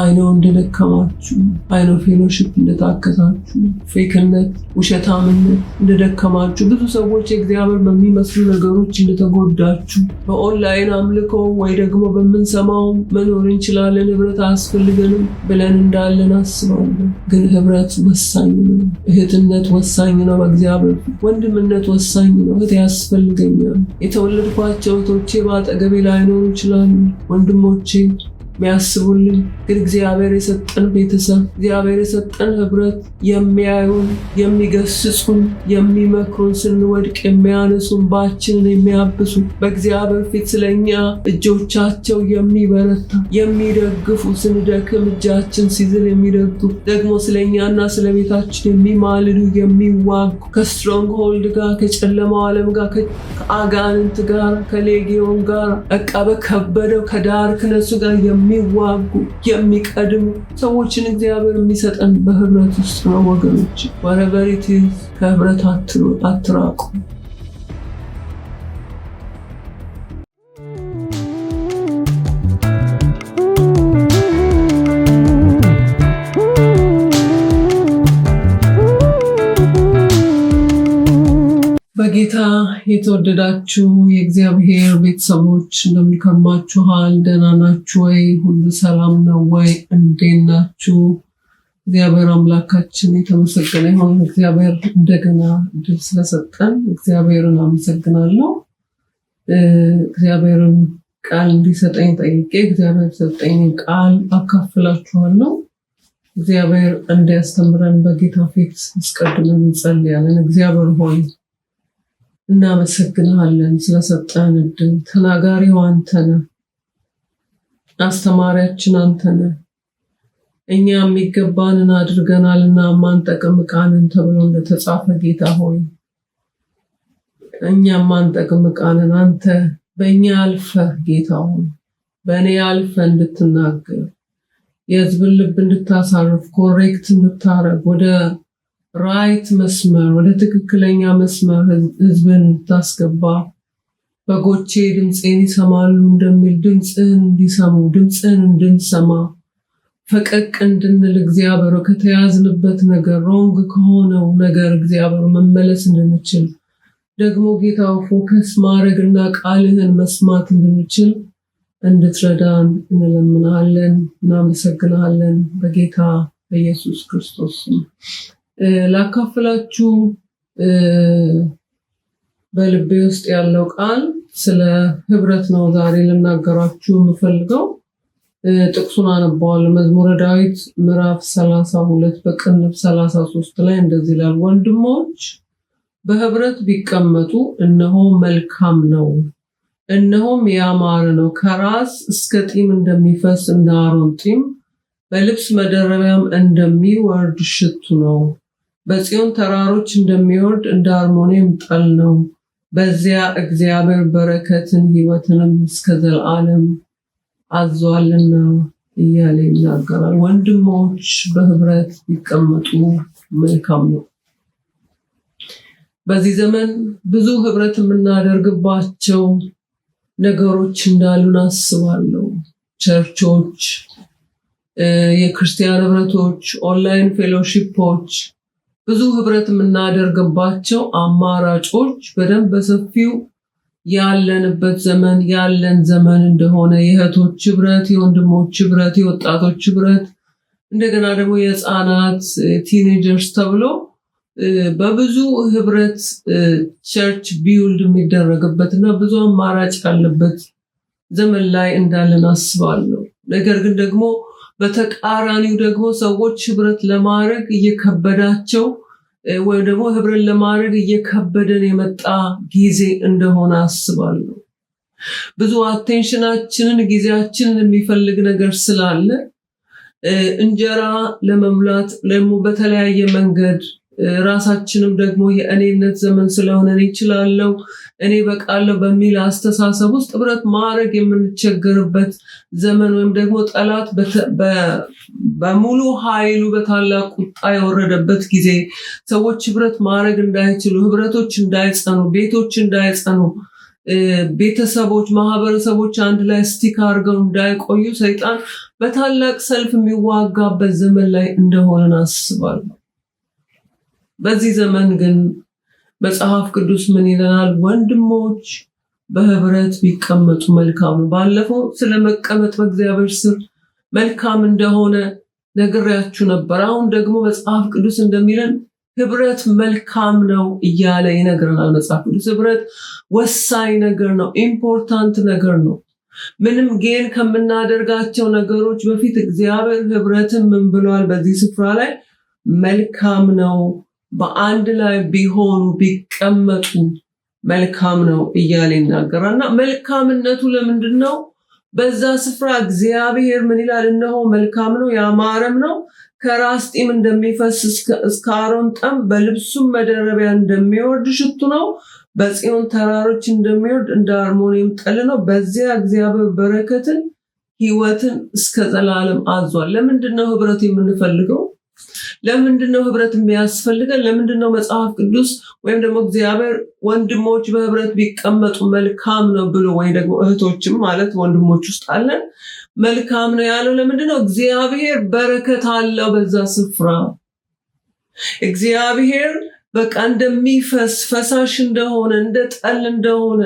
አይነው እንደደከማችሁ፣ አይነ ፌሎሽፕ እንደታከታችሁ፣ ፌክነት፣ ውሸታምነት እንደደከማችሁ፣ ብዙ ሰዎች እግዚአብሔር በሚመስሉ ነገሮች እንደተጎዳችሁ፣ በኦንላይን አምልኮ ወይ ደግሞ በምንሰማው መኖር እንችላለን ህብረት አያስፈልገንም ብለን እንዳለን አስባለን። ግን ህብረት ወሳኝ ነው። እህትነት ወሳኝ ነው። በእግዚአብሔር ወንድምነት ወሳኝ ነው። እህት ያስፈልገኛል። የተወለድኳቸው እህቶቼ በአጠገቤ ላይኖሩ ይችላሉ። ወንድሞቼ የሚያስቡልን ግን እግዚአብሔር የሰጠን ቤተሰብ፣ እግዚአብሔር የሰጠን ህብረት የሚያዩን፣ የሚገስጹን፣ የሚመክሩን፣ ስንወድቅ የሚያነሱን፣ ባችንን የሚያብሱ በእግዚአብሔር ፊት ስለኛ እጆቻቸው የሚበረታ የሚደግፉ፣ ስንደክም እጃችን ሲዝል የሚደግፉ ደግሞ ስለኛና ስለቤታችን የሚማልዱ የሚዋጉ ከስትሮንግ ሆልድ ጋር ከጨለማው ዓለም ጋር ከአጋንንት ጋር ከሌጊዮን ጋር በቃ በከበደው ከዳርክነሱ ጋር የሚ የሚዋጉ የሚቀድሙ ሰዎችን እግዚአብሔር የሚሰጠን በህብረት ውስጥ ነው ወገኖች። ወረቨሪቲዝ ከህብረት አትራቁ። በጌታ የተወደዳችሁ የእግዚአብሔር ቤተሰቦች እንደምንከማችኋል። ደህና ናችሁ ወይ? ሁሉ ሰላም ነው ወይ? እንዴት ናችሁ? እግዚአብሔር አምላካችን የተመሰገነ ይሁን። እግዚአብሔር እንደገና እድል ስለሰጠን እግዚአብሔርን አመሰግናለሁ። እግዚአብሔርን ቃል እንዲሰጠኝ ጠይቄ እግዚአብሔር ሰጠኝ ቃል አካፍላችኋለሁ። እግዚአብሔር እንዲያስተምረን በጌታ ፊት አስቀድመን እንጸልያለን። እግዚአብሔር ሆይ እናመሰግንሃለን ስለሰጠን ዕድል። ተናጋሪው አንተ አስተማሪያችን አንተ እኛ የሚገባንን አድርገናል እና ማንጠቅም ቃንን ተብሎ እንደተጻፈ ጌታ ሆይ እኛ ማንጠቅም ቃንን አንተ በእኛ አልፈ ጌታ ሆይ በእኔ አልፈ እንድትናገር የህዝብን ልብ እንድታሳርፍ ኮሬክት እንድታረግ ወደ ራይት መስመር ወደ ትክክለኛ መስመር ህዝብን እንድታስገባ በጎቼ ድምፄን ይሰማሉ እንደሚል ድምፅህን እንዲሰሙ ድምፅህን እንድንሰማ ፈቀቅ እንድንል እግዚአብሔር ከተያዝንበት ነገር ሮንግ ከሆነው ነገር እግዚአብሔር መመለስ እንድንችል ደግሞ ጌታው ፎከስ ማድረግና ቃልህን መስማት እንድንችል እንድትረዳን እንለምናለን። እናመሰግናለን በጌታ በኢየሱስ ክርስቶስ ላካፍላችሁ በልቤ ውስጥ ያለው ቃል ስለ ህብረት ነው። ዛሬ ልናገራችሁ የምፈልገው ጥቅሱን አነባዋል። መዝሙረ ዳዊት ምዕራፍ 32 በቅንብ 33 ላይ እንደዚህ ይላል፣ ወንድሞች በህብረት ቢቀመጡ እነሆ መልካም ነው፣ እነሆም ያማረ ነው። ከራስ እስከ ጢም እንደሚፈስ እንደ አሮን ጢም በልብስ መደረቢያም እንደሚወርድ ሽቱ ነው። በጽዮን ተራሮች እንደሚወርድ እንደ አርሞኒየም ጠል ነው። በዚያ እግዚአብሔር በረከትን ሕይወትንም እስከ ዘላለም አዟልና እያለ ይናገራል። ወንድሞች በህብረት ቢቀመጡ መልካም ነው። በዚህ ዘመን ብዙ ህብረት የምናደርግባቸው ነገሮች እንዳሉን አስባለሁ። ቸርቾች፣ የክርስቲያን ህብረቶች፣ ኦንላይን ፌሎሺፖች ብዙ ህብረት የምናደርግባቸው አማራጮች በደንብ በሰፊው ያለንበት ዘመን ያለን ዘመን እንደሆነ የእህቶች ህብረት፣ የወንድሞች ህብረት፣ የወጣቶች ህብረት እንደገና ደግሞ የህፃናት ቲኔጀርስ ተብሎ በብዙ ህብረት ቸርች ቢውልድ የሚደረግበት እና ብዙ አማራጭ ያለበት ዘመን ላይ እንዳለን አስባለሁ። ነገር ግን ደግሞ በተቃራኒው ደግሞ ሰዎች ህብረት ለማድረግ እየከበዳቸው ወይ ደግሞ ህብረን ለማድረግ እየከበደን የመጣ ጊዜ እንደሆነ አስባለሁ። ብዙ አቴንሽናችንን ጊዜያችንን የሚፈልግ ነገር ስላለ እንጀራ ለመሙላት ደግሞ በተለያየ መንገድ ራሳችንም ደግሞ የእኔነት ዘመን ስለሆነ እኔ እችላለሁ፣ እኔ በቃለሁ በሚል አስተሳሰብ ውስጥ ብረት ማድረግ የምንቸገርበት ዘመን ወይም ደግሞ ጠላት በሙሉ ኃይሉ በታላቅ ቁጣ የወረደበት ጊዜ ሰዎች ህብረት ማድረግ እንዳይችሉ፣ ህብረቶች እንዳይጸኑ፣ ቤቶች እንዳይጸኑ ቤተሰቦች፣ ማህበረሰቦች አንድ ላይ ስቲክ አድርገው እንዳይቆዩ ሰይጣን በታላቅ ሰልፍ የሚዋጋበት ዘመን ላይ እንደሆነን አስባለሁ። በዚህ ዘመን ግን መጽሐፍ ቅዱስ ምን ይለናል? ወንድሞች በህብረት ቢቀመጡ መልካም ነው። ባለፈው ስለ መቀመጥ በእግዚአብሔር ስር መልካም እንደሆነ ነግሬያችሁ ነበር። አሁን ደግሞ መጽሐፍ ቅዱስ እንደሚለን ህብረት መልካም ነው እያለ ይነግረናል። መጽሐፍ ቅዱስ ህብረት ወሳኝ ነገር ነው፣ ኢምፖርታንት ነገር ነው። ምንም ጌን ከምናደርጋቸው ነገሮች በፊት እግዚአብሔር ህብረትን ምን ብሏል? በዚህ ስፍራ ላይ መልካም ነው በአንድ ላይ ቢሆኑ ቢቀመጡ መልካም ነው እያለ ይናገራል። እና መልካምነቱ ለምንድን ነው? በዛ ስፍራ እግዚአብሔር ምን ይላል? እነሆ መልካም ነው ያማረም ነው ከራስ ጢም እንደሚፈስ እስከ አሮን ጠም በልብሱም መደረቢያ እንደሚወርድ ሽቱ ነው። በጽዮን ተራሮች እንደሚወርድ እንደ አርሞኒየም ጠል ነው። በዚያ እግዚአብሔር በረከትን ህይወትን እስከ ዘላለም አዟል። ለምንድን ነው ህብረት የምንፈልገው? ለምንድን ነው ህብረት የሚያስፈልገን? ለምንድን ነው መጽሐፍ ቅዱስ ወይም ደግሞ እግዚአብሔር ወንድሞች በህብረት ቢቀመጡ መልካም ነው ብሎ ወይ ደግሞ እህቶችም ማለት ወንድሞች ውስጥ አለን መልካም ነው ያለው ለምንድን ነው? እግዚአብሔር በረከት አለው በዛ ስፍራ እግዚአብሔር በቃ እንደሚፈስ ፈሳሽ እንደሆነ እንደ ጠል እንደሆነ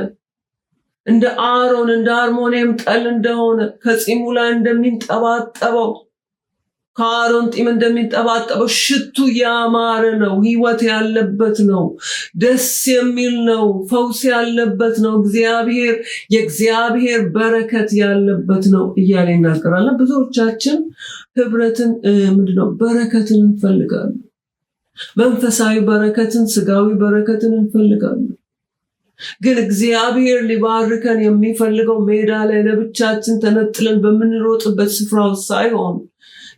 እንደ አሮን እንደ አርሞኒየም ጠል እንደሆነ ከጺሙ ላይ እንደሚንጠባጠበው ከአሮን ጢም እንደሚንጠባጠበው ሽቱ ያማረ ነው። ህይወት ያለበት ነው። ደስ የሚል ነው። ፈውስ ያለበት ነው። እግዚአብሔር የእግዚአብሔር በረከት ያለበት ነው እያለ ይናገራል። ብዙዎቻችን ህብረትን ምንድነው በረከትን እንፈልጋለን። መንፈሳዊ በረከትን፣ ስጋዊ በረከትን እንፈልጋለን። ግን እግዚአብሔር ሊባርከን የሚፈልገው ሜዳ ላይ ለብቻችን ተነጥለን በምንሮጥበት ስፍራው ሳይሆን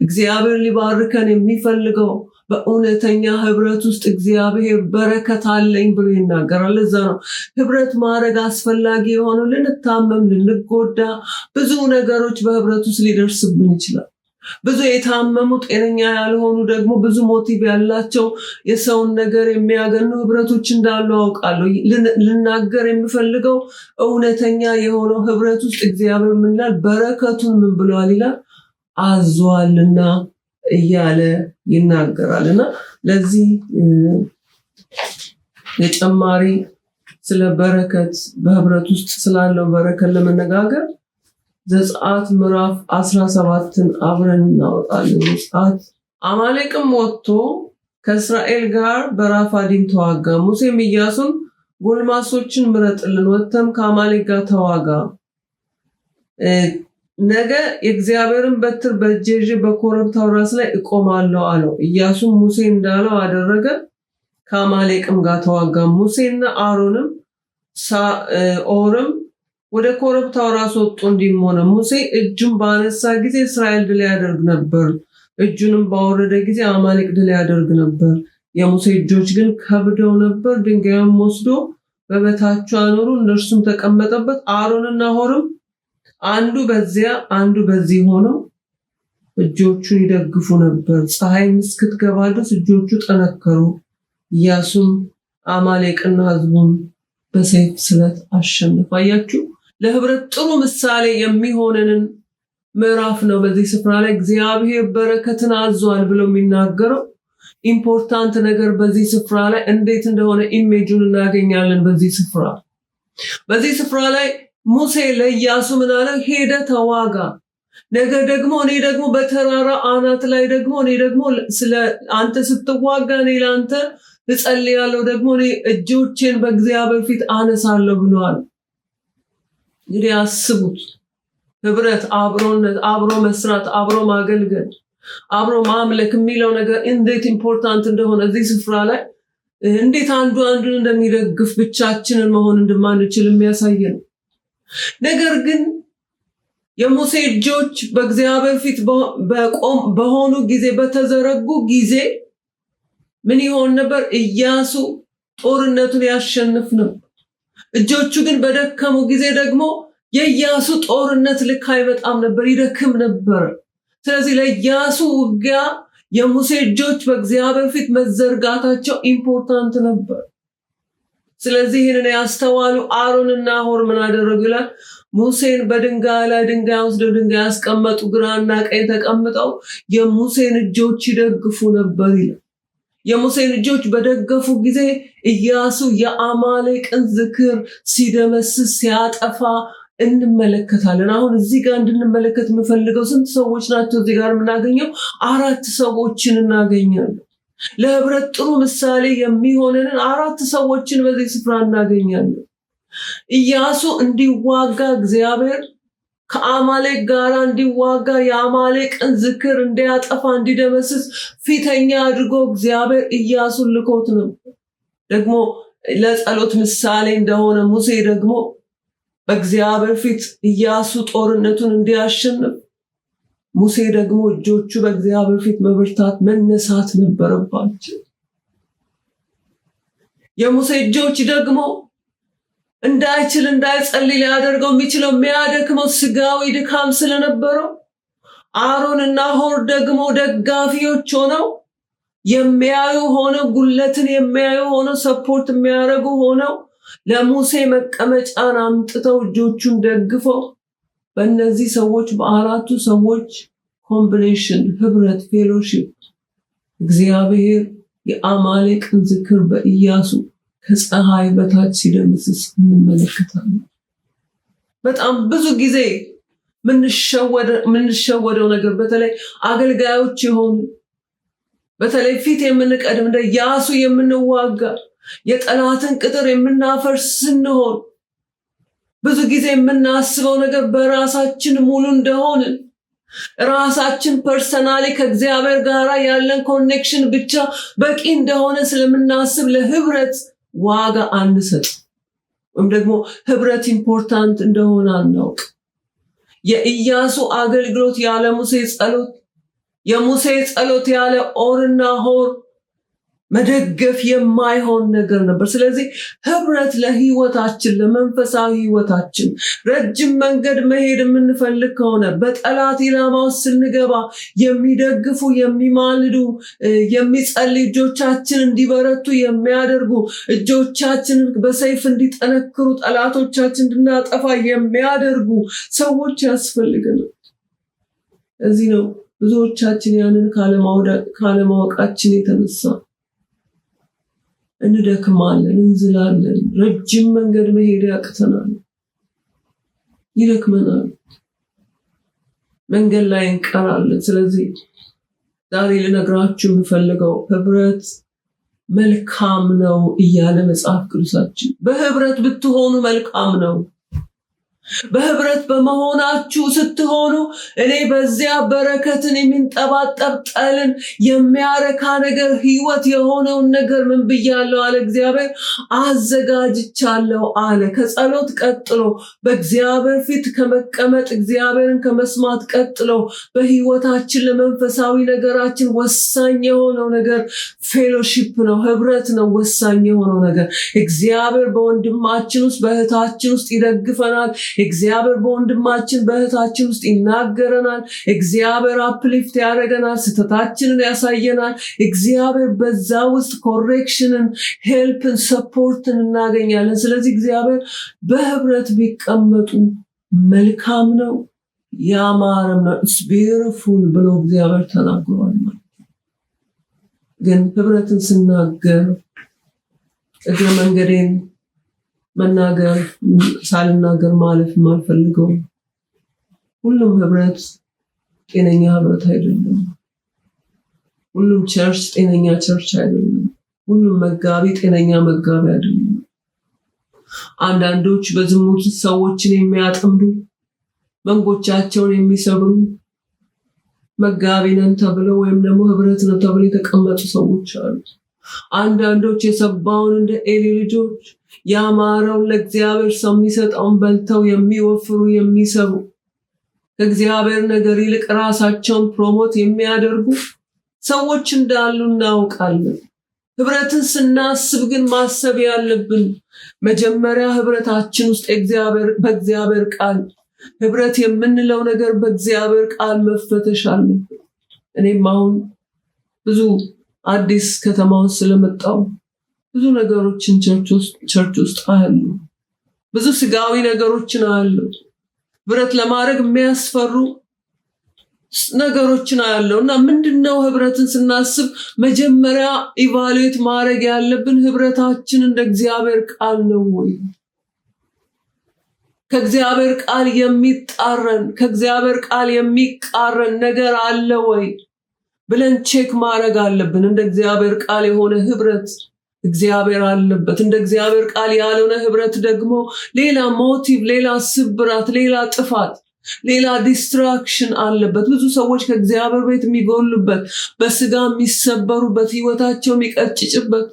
እግዚአብሔር ሊባርከን የሚፈልገው በእውነተኛ ህብረት ውስጥ እግዚአብሔር በረከት አለኝ ብሎ ይናገራል። እዛ ነው ህብረት ማድረግ አስፈላጊ የሆነው። ልንታመም፣ ልንጎዳ፣ ብዙ ነገሮች በህብረት ውስጥ ሊደርስብን ይችላል። ብዙ የታመሙ ጤነኛ ያልሆኑ ደግሞ ብዙ ሞቲቭ ያላቸው የሰውን ነገር የሚያገኑ ህብረቶች እንዳሉ አውቃለሁ። ልናገር የምፈልገው እውነተኛ የሆነው ህብረት ውስጥ እግዚአብሔር ምንላል በረከቱን ምን ብለዋል ይላል አዟልና እያለ ይናገራል እና ለዚህ የጨማሪ ስለ በረከት በህብረት ውስጥ ስላለው በረከት ለመነጋገር ዘጸአት ምዕራፍ አስራ ሰባትን አብረን እናወጣለን። ዘጸአት አማሌቅም ወጥቶ ከእስራኤል ጋር በራፋዲም ተዋጋ። ሙሴም ኢያሱን ጎልማሶችን ምረጥልን፣ ወጥተም ከአማሌቅ ጋር ተዋጋ ነገ የእግዚአብሔርን በትር በእጄ ይዤ በኮረብታው ራስ ላይ እቆማለሁ አለው። እያሱም ሙሴ እንዳለው አደረገ፣ ከአማሌቅም ጋር ተዋጋ። ሙሴና አሮንም ኦርም ወደ ኮረብታው ራስ ወጡ። እንዲህም ሆነ ሙሴ እጁን በአነሳ ጊዜ እስራኤል ድል ያደርግ ነበር፣ እጁንም ባወረደ ጊዜ አማሌቅ ድል ያደርግ ነበር። የሙሴ እጆች ግን ከብደው ነበር። ድንጋዩም ወስዶ በበታቹ አኖሩ፣ እነርሱም ተቀመጠበት። አሮንና ሆርም አንዱ በዚያ አንዱ በዚህ ሆነው እጆቹን ይደግፉ ነበር። ፀሐይም እስክትገባ ድረስ እጆቹ ጠነከሩ። ኢያሱም አማሌቅና ሕዝቡን በሰይፍ ስለት አሸነፈ። አያችሁ፣ ለህብረት ጥሩ ምሳሌ የሚሆነንን ምዕራፍ ነው። በዚህ ስፍራ ላይ እግዚአብሔር በረከትን አዟል ብሎ የሚናገረው ኢምፖርታንት ነገር በዚህ ስፍራ ላይ እንዴት እንደሆነ ኢሜጁን እናገኛለን። በዚህ ስፍራ በዚህ ስፍራ ላይ ሙሴ ለኢያሱ ምን አለ? ሄደ ተዋጋ። ነገ ደግሞ እኔ ደግሞ በተራራ አናት ላይ ደግሞ እኔ ደግሞ ስለ አንተ ስትዋጋ እኔ ለአንተ እጸልያለሁ፣ ደግሞ እኔ እጆቼን በእግዚአብሔር ፊት አነሳለሁ ብለዋል። እንግዲህ አስቡት፣ ህብረት፣ አብሮነት፣ አብሮ መስራት፣ አብሮ ማገልገል፣ አብሮ ማምለክ የሚለው ነገር እንዴት ኢምፖርታንት እንደሆነ እዚህ ስፍራ ላይ እንዴት አንዱ አንዱን እንደሚደግፍ ብቻችንን መሆን እንደማንችል የሚያሳየ ነው። ነገር ግን የሙሴ እጆች በእግዚአብሔር ፊት በሆኑ ጊዜ በተዘረጉ ጊዜ ምን ይሆን ነበር? እያሱ ጦርነቱን ያሸንፍ ነበር። እጆቹ ግን በደከሙ ጊዜ ደግሞ የእያሱ ጦርነት ልክ አይመጣም ነበር፣ ይደክም ነበር። ስለዚህ ለእያሱ ውጊያ የሙሴ እጆች በእግዚአብሔር ፊት መዘርጋታቸው ኢምፖርታንት ነበር። ስለዚህ ይህንን ያስተዋሉ አሮንና ሆር ምን አደረጉ ይላል። ሙሴን በድንጋይ ላይ ድንጋይ ወስደው ድንጋይ ያስቀመጡ፣ ግራና ቀኝ ተቀምጠው የሙሴን እጆች ይደግፉ ነበር ይላል። የሙሴን እጆች በደገፉ ጊዜ እያሱ የአማሌቅን ዝክር ሲደመስስ ሲያጠፋ እንመለከታለን። አሁን እዚህ ጋር እንድንመለከት የምፈልገው ስንት ሰዎች ናቸው? እዚህ ጋር የምናገኘው አራት ሰዎችን እናገኛለን። ለህብረት ጥሩ ምሳሌ የሚሆንንን አራት ሰዎችን በዚህ ስፍራ እናገኛለን። ኢያሱ እንዲዋጋ እግዚአብሔር ከአማሌቅ ጋር እንዲዋጋ የአማሌቅን ዝክር እንዲያጠፋ እንዲደመስስ ፊተኛ አድርጎ እግዚአብሔር ኢያሱን ልኮት ነው። ደግሞ ለጸሎት ምሳሌ እንደሆነ ሙሴ ደግሞ በእግዚአብሔር ፊት ኢያሱ ጦርነቱን እንዲያሸንፍ ሙሴ ደግሞ እጆቹ በእግዚአብሔር ፊት መበርታት መነሳት ነበረባቸው። የሙሴ እጆች ደግሞ እንዳይችል እንዳይጸልይ ሊያደርገው የሚችለው የሚያደክመው ስጋዊ ድካም ስለነበረው አሮን እና ሆር ደግሞ ደጋፊዎች ሆነው የሚያዩ ሆነው ጉለትን የሚያዩ ሆነው ሰፖርት የሚያደርጉ ሆነው ለሙሴ መቀመጫን አምጥተው እጆቹን ደግፈው በእነዚህ ሰዎች በአራቱ ሰዎች ኮምቢኔሽን ህብረት ፌሎሺፕ እግዚአብሔር የአማሌቅን ዝክር በኢያሱ ከፀሐይ በታች ሲደመስስ እንመለከታለን። በጣም ብዙ ጊዜ የምንሸወደው ነገር በተለይ አገልጋዮች የሆኑ በተለይ ፊት የምንቀድም እንደ ኢያሱ የምንዋጋ የጠላትን ቅጥር የምናፈርስ ስንሆን ብዙ ጊዜ የምናስበው ነገር በራሳችን ሙሉ እንደሆንን ራሳችን ፐርሰናሊ ከእግዚአብሔር ጋር ያለን ኮኔክሽን ብቻ በቂ እንደሆነ ስለምናስብ ለህብረት ዋጋ አንሰጥ ወይም ደግሞ ህብረት ኢምፖርታንት እንደሆነ አናውቅ። የኢያሱ አገልግሎት ያለ ሙሴ ጸሎት፣ የሙሴ ጸሎት ያለ ኦርና ሆር መደገፍ የማይሆን ነገር ነበር። ስለዚህ ህብረት ለህይወታችን፣ ለመንፈሳዊ ህይወታችን ረጅም መንገድ መሄድ የምንፈልግ ከሆነ በጠላት ኢላማ ውስጥ ስንገባ የሚደግፉ የሚማልዱ፣ የሚጸልይ እጆቻችን እንዲበረቱ የሚያደርጉ እጆቻችንን በሰይፍ እንዲጠነክሩ ጠላቶቻችን እንድናጠፋ የሚያደርጉ ሰዎች ያስፈልገናል። እዚህ ነው ብዙዎቻችን ያንን ካለማወቃችን የተነሳ እንደክማለን፣ እንዝላለን፣ ረጅም መንገድ መሄድ ያቅተናል፣ ይደክመናል፣ መንገድ ላይ እንቀራለን። ስለዚህ ዛሬ ልነግራችሁ የምፈልገው ህብረት መልካም ነው እያለ መጽሐፍ ቅዱሳችን በህብረት ብትሆኑ መልካም ነው በህብረት በመሆናችሁ ስትሆኑ እኔ በዚያ በረከትን የሚንጠባጠብ ጠልን የሚያረካ ነገር ህይወት የሆነውን ነገር ምን ብያለሁ አለ እግዚአብሔር አዘጋጅቻለሁ አለ። ከጸሎት ቀጥሎ በእግዚአብሔር ፊት ከመቀመጥ እግዚአብሔርን ከመስማት ቀጥሎ በህይወታችን ለመንፈሳዊ ነገራችን ወሳኝ የሆነው ነገር ፌሎሺፕ ነው፣ ህብረት ነው። ወሳኝ የሆነው ነገር እግዚአብሔር በወንድማችን ውስጥ በእህታችን ውስጥ ይደግፈናል። እግዚአብሔር በወንድማችን በእህታችን ውስጥ ይናገረናል። እግዚአብሔር አፕሊፍት ያደረገናል፣ ስህተታችንን ያሳየናል። እግዚአብሔር በዛ ውስጥ ኮሬክሽንን፣ ሄልፕን፣ ሰፖርትን እናገኛለን። ስለዚህ እግዚአብሔር በህብረት ቢቀመጡ መልካም ነው ያማረም ነው ቢዩቲፉል ብሎ እግዚአብሔር ተናግሯል። ግን ህብረትን ስናገር እግረ መንገዴን መናገር ሳልናገር ማለፍ የማልፈልገው ሁሉም ህብረት ጤነኛ ህብረት አይደለም። ሁሉም ቸርች ጤነኛ ቸርች አይደለም። ሁሉም መጋቢ ጤነኛ መጋቢ አይደለም። አንዳንዶች በዝሙት ሰዎችን የሚያጠምዱ መንጎቻቸውን የሚሰብሩ መጋቢ ነን ተብለው ወይም ደግሞ ህብረት ነው ተብለው የተቀመጡ ሰዎች አሉት። አንዳንዶች የሰባውን እንደ ኤሊ ልጆች ያማረውን ለእግዚአብሔር ሰው የሚሰጠውን በልተው የሚወፍሩ የሚሰሩ ከእግዚአብሔር ነገር ይልቅ ራሳቸውን ፕሮሞት የሚያደርጉ ሰዎች እንዳሉ እናውቃለን። ህብረትን ስናስብ ግን ማሰብ ያለብን መጀመሪያ ህብረታችን ውስጥ በእግዚአብሔር ቃል ህብረት የምንለው ነገር በእግዚአብሔር ቃል መፈተሽ አለብን። እኔም አሁን ብዙ አዲስ ከተማውን ስለመጣው ብዙ ነገሮችን ቸርች ውስጥ አያሉ፣ ብዙ ስጋዊ ነገሮችን አያሉ፣ ህብረት ለማድረግ የሚያስፈሩ ነገሮችን አያለው እና ምንድነው ህብረትን ስናስብ መጀመሪያ ኢቫሉዌት ማድረግ ያለብን ህብረታችን እንደ እግዚአብሔር ቃል ነው ወይ? ከእግዚአብሔር ቃል የሚጣረን ከእግዚአብሔር ቃል የሚቃረን ነገር አለ ወይ? ብለን ቼክ ማድረግ አለብን። እንደ እግዚአብሔር ቃል የሆነ ህብረት እግዚአብሔር አለበት። እንደ እግዚአብሔር ቃል ያልሆነ ህብረት ደግሞ ሌላ ሞቲቭ፣ ሌላ ስብራት፣ ሌላ ጥፋት ሌላ ዲስትራክሽን አለበት። ብዙ ሰዎች ከእግዚአብሔር ቤት የሚጎሉበት፣ በስጋ የሚሰበሩበት፣ ህይወታቸው የሚቀጭጭበት፣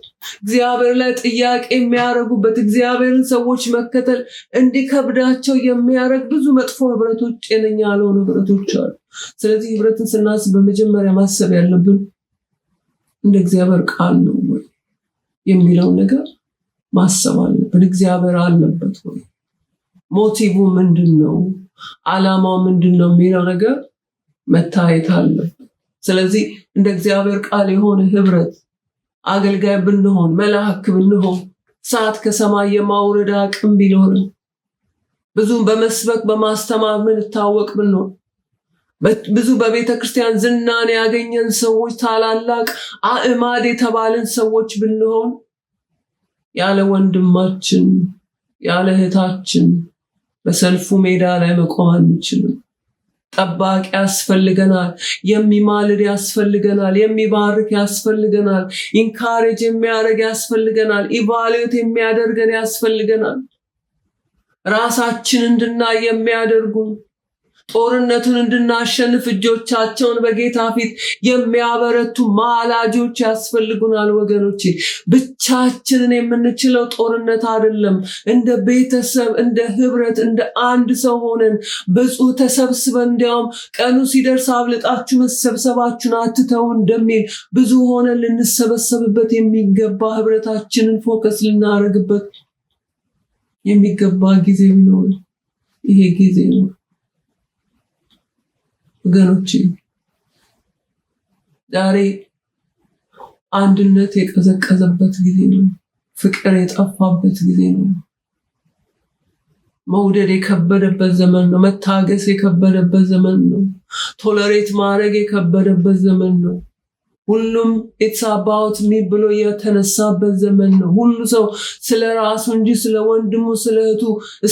እግዚአብሔር ላይ ጥያቄ የሚያደርጉበት፣ እግዚአብሔርን ሰዎች መከተል እንዲከብዳቸው የሚያደርግ ብዙ መጥፎ ህብረቶች፣ ጤነኛ ያልሆኑ ህብረቶች አሉ። ስለዚህ ህብረትን ስናስብ በመጀመሪያ ማሰብ ያለብን እንደ እግዚአብሔር ቃል ነው ወይ የሚለው ነገር ማሰብ አለብን። እግዚአብሔር አለበት ወይ? ሞቲቡ ምንድን ነው? አላማ ምንድን ነው የሚለው ነገር መታየት አለ። ስለዚህ እንደ እግዚአብሔር ቃል የሆነ ህብረት አገልጋይ ብንሆን መልአክ ብንሆን ሰዓት ከሰማይ የማውረድ አቅም ቢኖር ብዙም በመስበክ በማስተማር ምንታወቅ ብንሆን ብዙ በቤተ ክርስቲያን ዝናን ያገኘን ሰዎች ታላላቅ አእማድ የተባልን ሰዎች ብንሆን ያለ ወንድማችን ያለ እህታችን በሰልፉ ሜዳ ላይ መቆም አንችልም። ጠባቂ ያስፈልገናል። የሚማልድ ያስፈልገናል። የሚባርክ ያስፈልገናል። ኢንካሬጅ የሚያደርግ ያስፈልገናል። ኢቫሉዌት የሚያደርገን ያስፈልገናል። ራሳችን እንድናይ የሚያደርጉ ጦርነቱን እንድናሸንፍ እጆቻቸውን በጌታ ፊት የሚያበረቱ ማላጆች ያስፈልጉናል ወገኖች ብቻችንን የምንችለው ጦርነት አይደለም። እንደ ቤተሰብ፣ እንደ ህብረት፣ እንደ አንድ ሰው ሆነን ብፁ ተሰብስበን እንዲያውም ቀኑ ሲደርስ አብልጣችሁ መሰብሰባችሁን አትተው እንደሚል ብዙ ሆነን ልንሰበሰብበት የሚገባ ህብረታችንን ፎከስ ልናደርግበት የሚገባ ጊዜ ቢኖር ይሄ ጊዜ ነው። ወገኖች ዛሬ አንድነት የቀዘቀዘበት ጊዜ ነው። ፍቅር የጠፋበት ጊዜ ነው። መውደድ የከበደበት ዘመን ነው። መታገስ የከበደበት ዘመን ነው። ቶለሬት ማድረግ የከበደበት ዘመን ነው። ሁሉም ኢትስ አባውት ሚ ብሎ የተነሳበት ዘመን ነው። ሁሉ ሰው ስለ ራሱ እንጂ ስለ ወንድሙ፣ ስለ እህቱ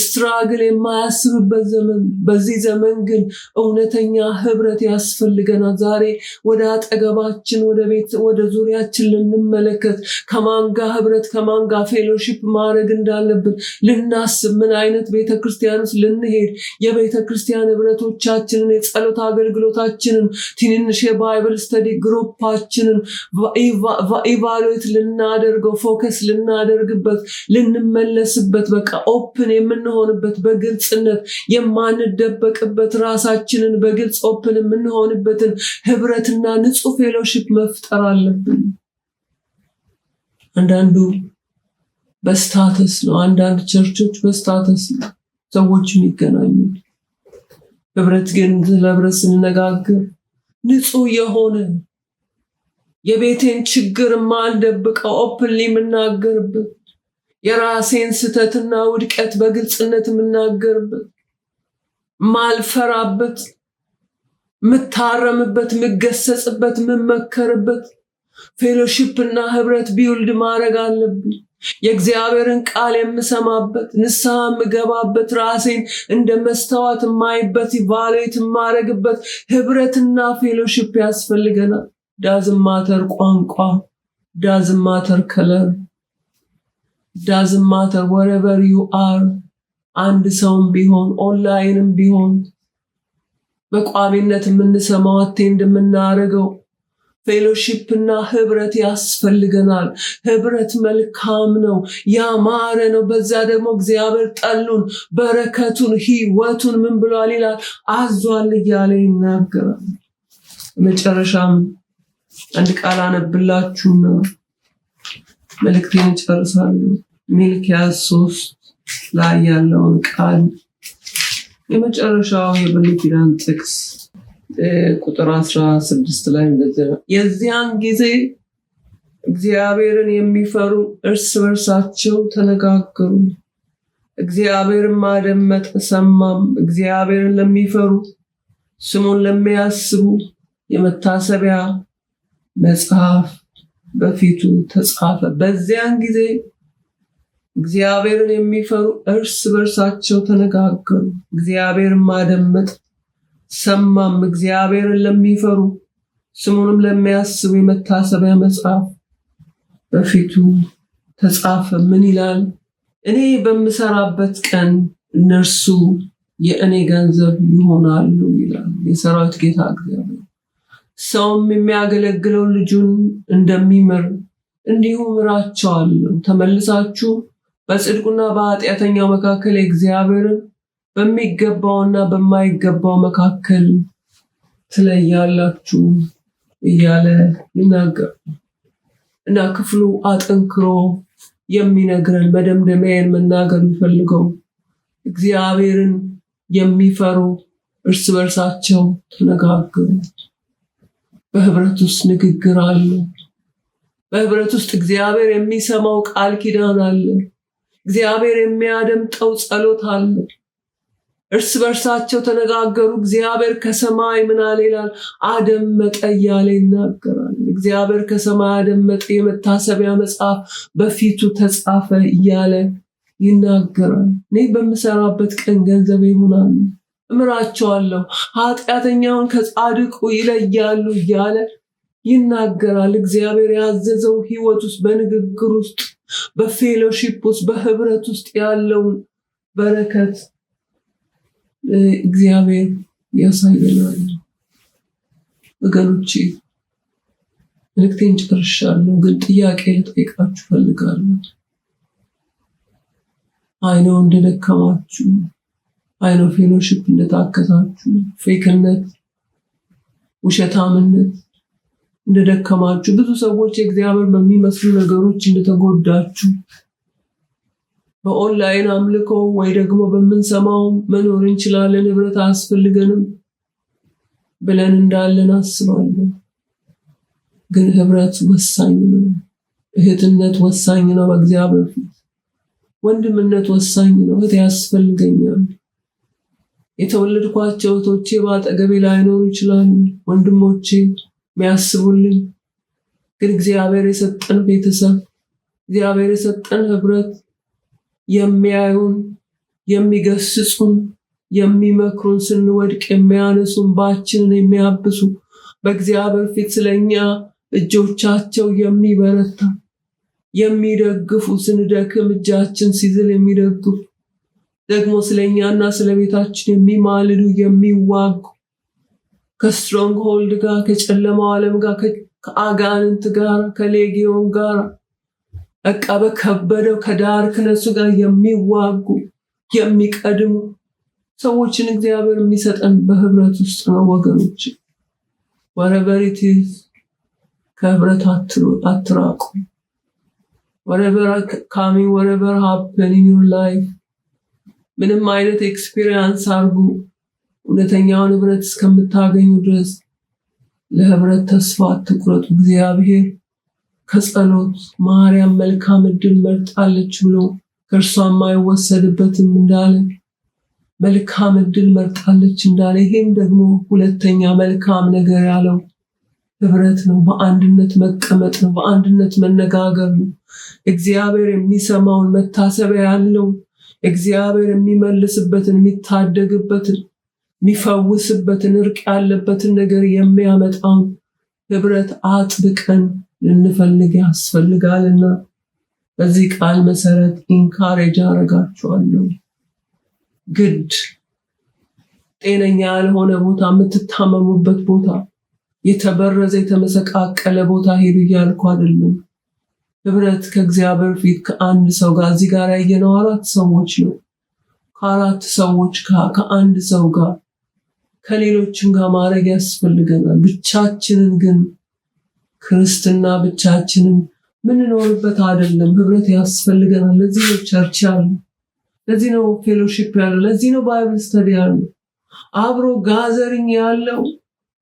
ስትራግል የማያስብበት ዘመን። በዚህ ዘመን ግን እውነተኛ ህብረት ያስፈልገናል። ዛሬ ወደ አጠገባችን፣ ወደ ቤት፣ ወደ ዙሪያችን ልንመለከት ከማንጋ ህብረት ከማንጋ ጋ ፌሎሺፕ ማድረግ እንዳለብን ልናስብ፣ ምን አይነት ቤተክርስቲያን ውስጥ ልንሄድ፣ የቤተክርስቲያን ህብረቶቻችንን፣ የጸሎት አገልግሎታችንን፣ ትንንሽ የባይብል ስተዲ ግሩፓ ራሳችንን ኢቫሉዌት ልናደርገው ፎከስ ልናደርግበት ልንመለስበት በቃ ኦፕን የምንሆንበት በግልጽነት የማንደበቅበት ራሳችንን በግልጽ ኦፕን የምንሆንበትን ህብረትና ንጹህ ፌሎሺፕ መፍጠር አለብን። አንዳንዱ በስታተስ ነው። አንዳንድ ቸርቾች በስታተስ ነው ሰዎች የሚገናኙት። ህብረት ግን ለህብረት ስንነጋገር ንጹህ የሆነ የቤቴን ችግር ማልደብቀው ኦፕንሊ የምናገርበት የራሴን ስህተትና ውድቀት በግልጽነት የምናገርበት ማልፈራበት ምታረምበት ምገሰጽበት ምመከርበት ፌሎሺፕ እና ህብረት ቢውልድ ማድረግ አለብኝ። የእግዚአብሔርን ቃል የምሰማበት ንስሐ የምገባበት ራሴን እንደ መስተዋት የማይበት ቫሌት የማደርግበት ህብረትና ፌሎሺፕ ያስፈልገናል። ዳዝን ማተር ቋንቋ፣ ዳዝን ማተር ከለር፣ ዳዝን ማተር ወረቨር ዩ አር። አንድ ሰውም ቢሆን ኦንላይንም ቢሆን በቋሚነት የምንሰማው አቴንድ የምናደርገው ፌሎሺፕና ህብረት ያስፈልገናል። ህብረት መልካም ነው፣ ያማረ ነው። በዛ ደግሞ እግዚአብሔር ጠሉን፣ በረከቱን፣ ህይወቱን ምን ብሏል ይላል አዟል እያለ ይናገራል። መጨረሻም አንድ ቃል አነብላችሁና መልእክቴን እጨርሳለሁ። ሚልክያስ ሶስት ላይ ያለውን ቃል የመጨረሻው የብሉይ ኪዳን ጥቅስ ቁጥር አስራ ስድስት ላይ እንደዚህ ነው። የዚያን ጊዜ እግዚአብሔርን የሚፈሩ እርስ በርሳቸው ተነጋገሩ። እግዚአብሔርም አደመጠ ሰማም። እግዚአብሔርን ለሚፈሩ ስሙን ለሚያስቡ የመታሰቢያ መጽሐፍ በፊቱ ተጻፈ። በዚያን ጊዜ እግዚአብሔርን የሚፈሩ እርስ በርሳቸው ተነጋገሩ። እግዚአብሔር ማደመጥ ሰማም። እግዚአብሔርን ለሚፈሩ ስሙንም ለሚያስቡ የመታሰቢያ መጽሐፍ በፊቱ ተጻፈ። ምን ይላል? እኔ በምሰራበት ቀን እነርሱ የእኔ ገንዘብ ይሆናሉ ይላል የሰራዊት ጌታ እግዚአብሔር። ሰውም የሚያገለግለው ልጁን እንደሚምር እንዲሁ ምራቸዋለሁ። ተመልሳችሁ በጽድቁና በኃጢአተኛው መካከል እግዚአብሔርን በሚገባውና በማይገባው መካከል ትለያላችሁ እያለ ይናገር እና ክፍሉ አጠንክሮ የሚነግረን መደምደሚያን መናገር የሚፈልገው እግዚአብሔርን የሚፈሩ እርስ በርሳቸው ተነጋገሩ። በህብረት ውስጥ ንግግር አለ። በህብረት ውስጥ እግዚአብሔር የሚሰማው ቃል ኪዳን አለ። እግዚአብሔር የሚያደምጠው ጸሎት አለ። እርስ በርሳቸው ተነጋገሩ። እግዚአብሔር ከሰማይ ምን አለ ይላል? አደመጠ እያለ ይናገራል። እግዚአብሔር ከሰማይ አደመጠ፣ የመታሰቢያ መጽሐፍ በፊቱ ተጻፈ እያለ ይናገራል። እኔ በምሰራበት ቀን ገንዘብ ይሆናል። እምራቸዋለሁ ኃጢአተኛውን ከጻድቁ ይለያሉ እያለ ይናገራል። እግዚአብሔር ያዘዘው ህይወት ውስጥ በንግግር ውስጥ በፌሎሺፕ ውስጥ በህብረት ውስጥ ያለውን በረከት እግዚአብሔር ያሳየናል። ወገኖቼ መልእክቴን ጨርሻለሁ፣ ግን ጥያቄ ልጠይቃችሁ ፈልጋለሁ። አይነው እንደደከማችሁ አይኖ ፌሎሺፕ እንደታከታችሁ፣ ፌክነት፣ ውሸታምነት እንደደከማችሁ፣ ብዙ ሰዎች እግዚአብሔር በሚመስሉ ነገሮች እንደተጎዳችሁ በኦንላይን አምልኮ ወይ ደግሞ በምንሰማው መኖር እንችላለን፣ ህብረት አያስፈልገንም ብለን እንዳለን አስባለሁ። ግን ህብረት ወሳኝ ነው። እህትነት ወሳኝ ነው። በእግዚአብሔር ፊት ወንድምነት ወሳኝ ነው። እህት ያስፈልገኛል። የተወለድኳቸው እህቶቼ በአጠገቤ ላይኖሩ ይችላሉ፣ ወንድሞቼ የሚያስቡልኝ ግን እግዚአብሔር የሰጠን ቤተሰብ፣ እግዚአብሔር የሰጠን ህብረት የሚያዩን፣ የሚገስጹን፣ የሚመክሩን፣ ስንወድቅ የሚያነሱን፣ ባችንን የሚያብሱ በእግዚአብሔር ፊት ስለኛ እጆቻቸው የሚበረታ የሚደግፉ፣ ስንደክም እጃችን ሲዝል የሚደግፉ ደግሞ ስለ እኛና የሚማልዱ የሚዋጉ ከስትሮንግ ሆልድ ጋር ከጨለማው ዓለም ጋር ከአጋንንት ጋር ከሌጊዮን ጋር በቃ በከበደው ከዳር ከነሱ ጋር የሚዋጉ የሚቀድሙ ሰዎችን እግዚአብሔር የሚሰጠን በህብረት ውስጥ ነው ወገኖች። ወረበሪት ከህብረት አትራቁ። ወረበር ካሚ ወረበር ሀፕን ዩር ላይፍ ምንም አይነት ኤክስፒሪንስ አርጉ። እውነተኛውን ህብረት እስከምታገኙ ድረስ ለህብረት ተስፋ አትቁረጡ። እግዚአብሔር ከጸሎት ማርያም መልካም እድል መርጣለች ብሎ ከእርሷ የማይወሰድበትም እንዳለ መልካም እድል መርጣለች እንዳለ ይሄም ደግሞ ሁለተኛ መልካም ነገር ያለው ህብረት ነው። በአንድነት መቀመጥ ነው። በአንድነት መነጋገር ነው። እግዚአብሔር የሚሰማውን መታሰቢያ ያለው እግዚአብሔር የሚመልስበትን የሚታደግበትን የሚፈውስበትን እርቅ ያለበትን ነገር የሚያመጣውን ህብረት አጥብቀን ልንፈልግ ያስፈልጋልና በዚህ ቃል መሰረት ኢንካሬጅ አረጋችኋለሁ። ግድ ጤነኛ ያልሆነ ቦታ፣ የምትታመሙበት ቦታ፣ የተበረዘ የተመሰቃቀለ ቦታ ሄዱ እያልኩ አይደለም። ህብረት ከእግዚአብሔር ፊት ከአንድ ሰው ጋር እዚህ ጋር ያየነው አራት ሰዎች ነው። ከአራት ሰዎች ጋር ከአንድ ሰው ጋር ከሌሎችም ጋር ማድረግ ያስፈልገናል። ብቻችንን ግን ክርስትና ብቻችንን ምንኖርበት አይደለም። ህብረት ያስፈልገናል። ለዚህ ነው ቸርች ያለ፣ ለዚህ ነው ፌሎሺፕ ያለ፣ ለዚህ ነው ባይብል ስተዲ ያለ፣ አብሮ ጋዘሪኝ ያለው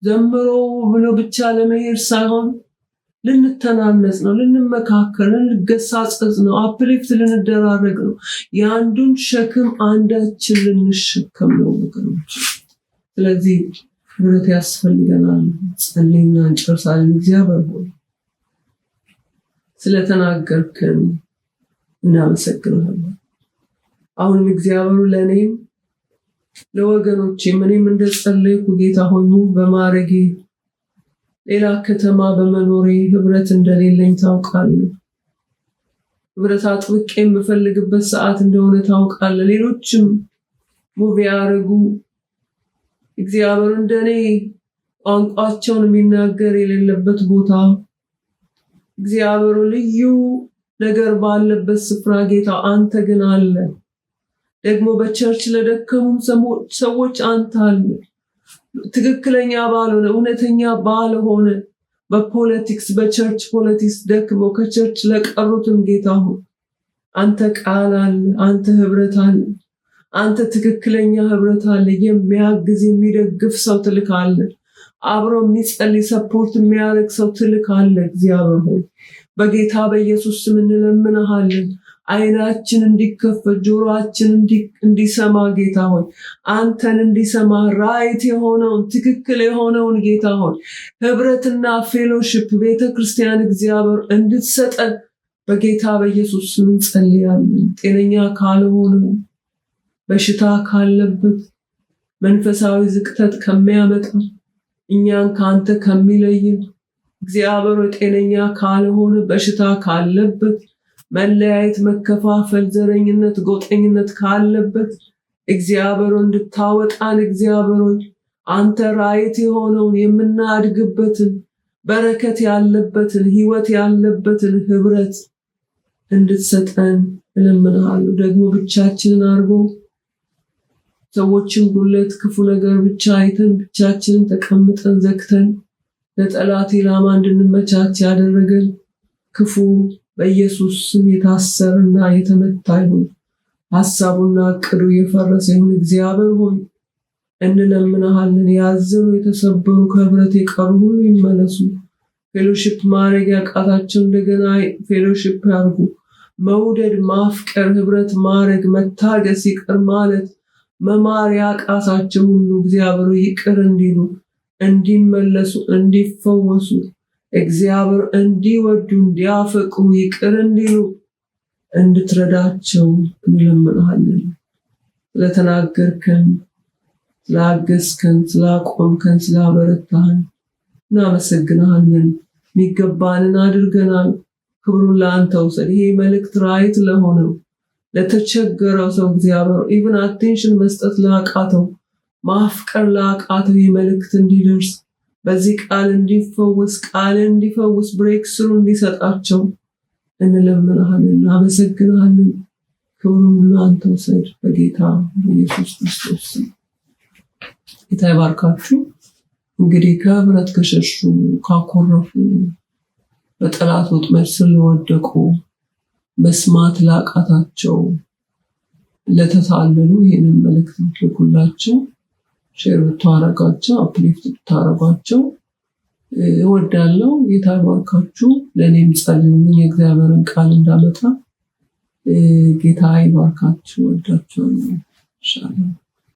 ዘምሮ ብሎ ብቻ ለመሄድ ሳይሆን ልንተናነጽ ነው፣ ልንመካከል፣ ልንገሳጸጽ ነው፣ አፕሊፍት ልንደራረግ ነው። የአንዱን ሸክም አንዳችን ልንሸከም ነው ወገኖች። ስለዚህ ህብረት ያስፈልገናል። ጸልይና እንጨርሳለን። እግዚአብሔር ሆይ ስለተናገርከን እናመሰግናለን። አሁንም እግዚአብሔሩ ለእኔም ለወገኖቼም እኔም እንደጸለይኩ ጌታ ሆኑ በማረጌ ሌላ ከተማ በመኖሬ ህብረት እንደሌለኝ ታውቃለህ። ህብረት አጥብቄ የምፈልግበት ሰዓት እንደሆነ ታውቃለህ። ሌሎችም ሙቪ ያደርጉ እግዚአብሔር እንደኔ ቋንቋቸውን የሚናገር የሌለበት ቦታ እግዚአብሔሩ ልዩ ነገር ባለበት ስፍራ ጌታ አንተ ግን አለ። ደግሞ በቸርች ለደከሙም ሰዎች አንተ አለ። ትክክለኛ ባልሆነ እውነተኛ ባልሆነ በፖለቲክስ በቸርች ፖለቲክስ ደክሞ ከቸርች ለቀሩትም ጌታ ሁ አንተ ቃል አለ፣ አንተ ህብረት አለ፣ አንተ ትክክለኛ ህብረት አለ። የሚያግዝ የሚደግፍ ሰው አለ። አብሮ የሚጸልይ ሰፖርት የሚያደርግ ሰው አለ። እግዚአብሔር ሆይ በጌታ በኢየሱስ ስም እንለምንሃለን። አይናችን እንዲከፈት ጆሮአችን እንዲሰማ ጌታ ሆይ አንተን እንዲሰማ ራይት የሆነውን ትክክል የሆነውን ጌታ ሆይ ህብረትና ፌሎሽፕ ቤተ ክርስቲያን እግዚአብሔር እንድትሰጠን በጌታ በኢየሱስ ስም እንጸልያለን። ጤነኛ ካልሆኑ በሽታ ካለበት መንፈሳዊ ዝቅተት ከሚያመጣ እኛን ከአንተ ከሚለይን እግዚአብሔር ጤነኛ ካልሆነ በሽታ ካለበት መለያየት፣ መከፋፈል፣ ዘረኝነት፣ ጎጠኝነት ካለበት እግዚአብሔር እንድታወጣን እግዚአብሔር አንተ ራይት የሆነውን የምናድግበትን በረከት ያለበትን ህይወት ያለበትን ህብረት እንድትሰጠን እለምንሃለሁ። ደግሞ ብቻችንን አድርጎ ሰዎችን ጉለት፣ ክፉ ነገር ብቻ አይተን ብቻችንን ተቀምጠን ዘግተን ለጠላት ኢላማ እንድንመቻች ያደረገን ክፉ በኢየሱስ ስም የታሰረና የተመታ ይሁን። ሐሳቡና ዕቅዱ የፈረሰ ይሁን። እግዚአብሔር ሆይ እንለምናሃለን። ያዘኑ፣ የተሰበሩ፣ ከህብረት የቀሩ ሁሉ ይመለሱ። ፌሎሺፕ ማድረግ ያቃታቸው እንደገና ፌሎሺፕ ያርጉ። መውደድ፣ ማፍቀር፣ ህብረት ማድረግ፣ መታገስ፣ ይቅር ማለት መማር ያቃታቸው ሁሉ እግዚአብሔር ይቅር እንዲሉ፣ እንዲመለሱ፣ እንዲፈወሱ እግዚአብሔር እንዲወዱ እንዲያፈቅሩ ይቅር እንዲሉ እንድትረዳቸው እንለምንሃለን። ስለተናገርከን፣ ስላገዝከን፣ ስላቆምከን፣ ስላበረታህን እናመሰግናሃለን። የሚገባንን አድርገናል። ክብሩን ለአንተ ውሰድ። ይሄ መልእክት ራይት ለሆነው ለተቸገረው ሰው እግዚአብሔር ኢቭን አቴንሽን መስጠት ላቃተው ማፍቀር ላቃተው ይህ መልእክት እንዲደርስ በዚህ ቃል እንዲፈውስ ቃል እንዲፈውስ ብሬክ ስሩ እንዲሰጣቸው እንለምናሃልን፣ አመሰግናለን ክብሩን ሁሉ አንተ ውሰድ በጌታ በኢየሱስ ክርስቶስ ጌታ ይባርካችሁ። እንግዲህ ከህብረት ከሸሹ ካኮረፉ በጠላት ወጥመድ ስለወደቁ መስማት ላቃታቸው ለተታለሉ ይህንን መልእክት ልኩላቸው። ሼር ብታረጓቸው አፕሊፍት ብታረጓቸው እወዳለሁ። ጌታ ይባርካችሁ። ለእኔም ጸልዩልኝ የእግዚአብሔርን ቃል እንዳመጣ ጌታ ይባርካችሁ። ወዳቸዋለሁ። ሻለ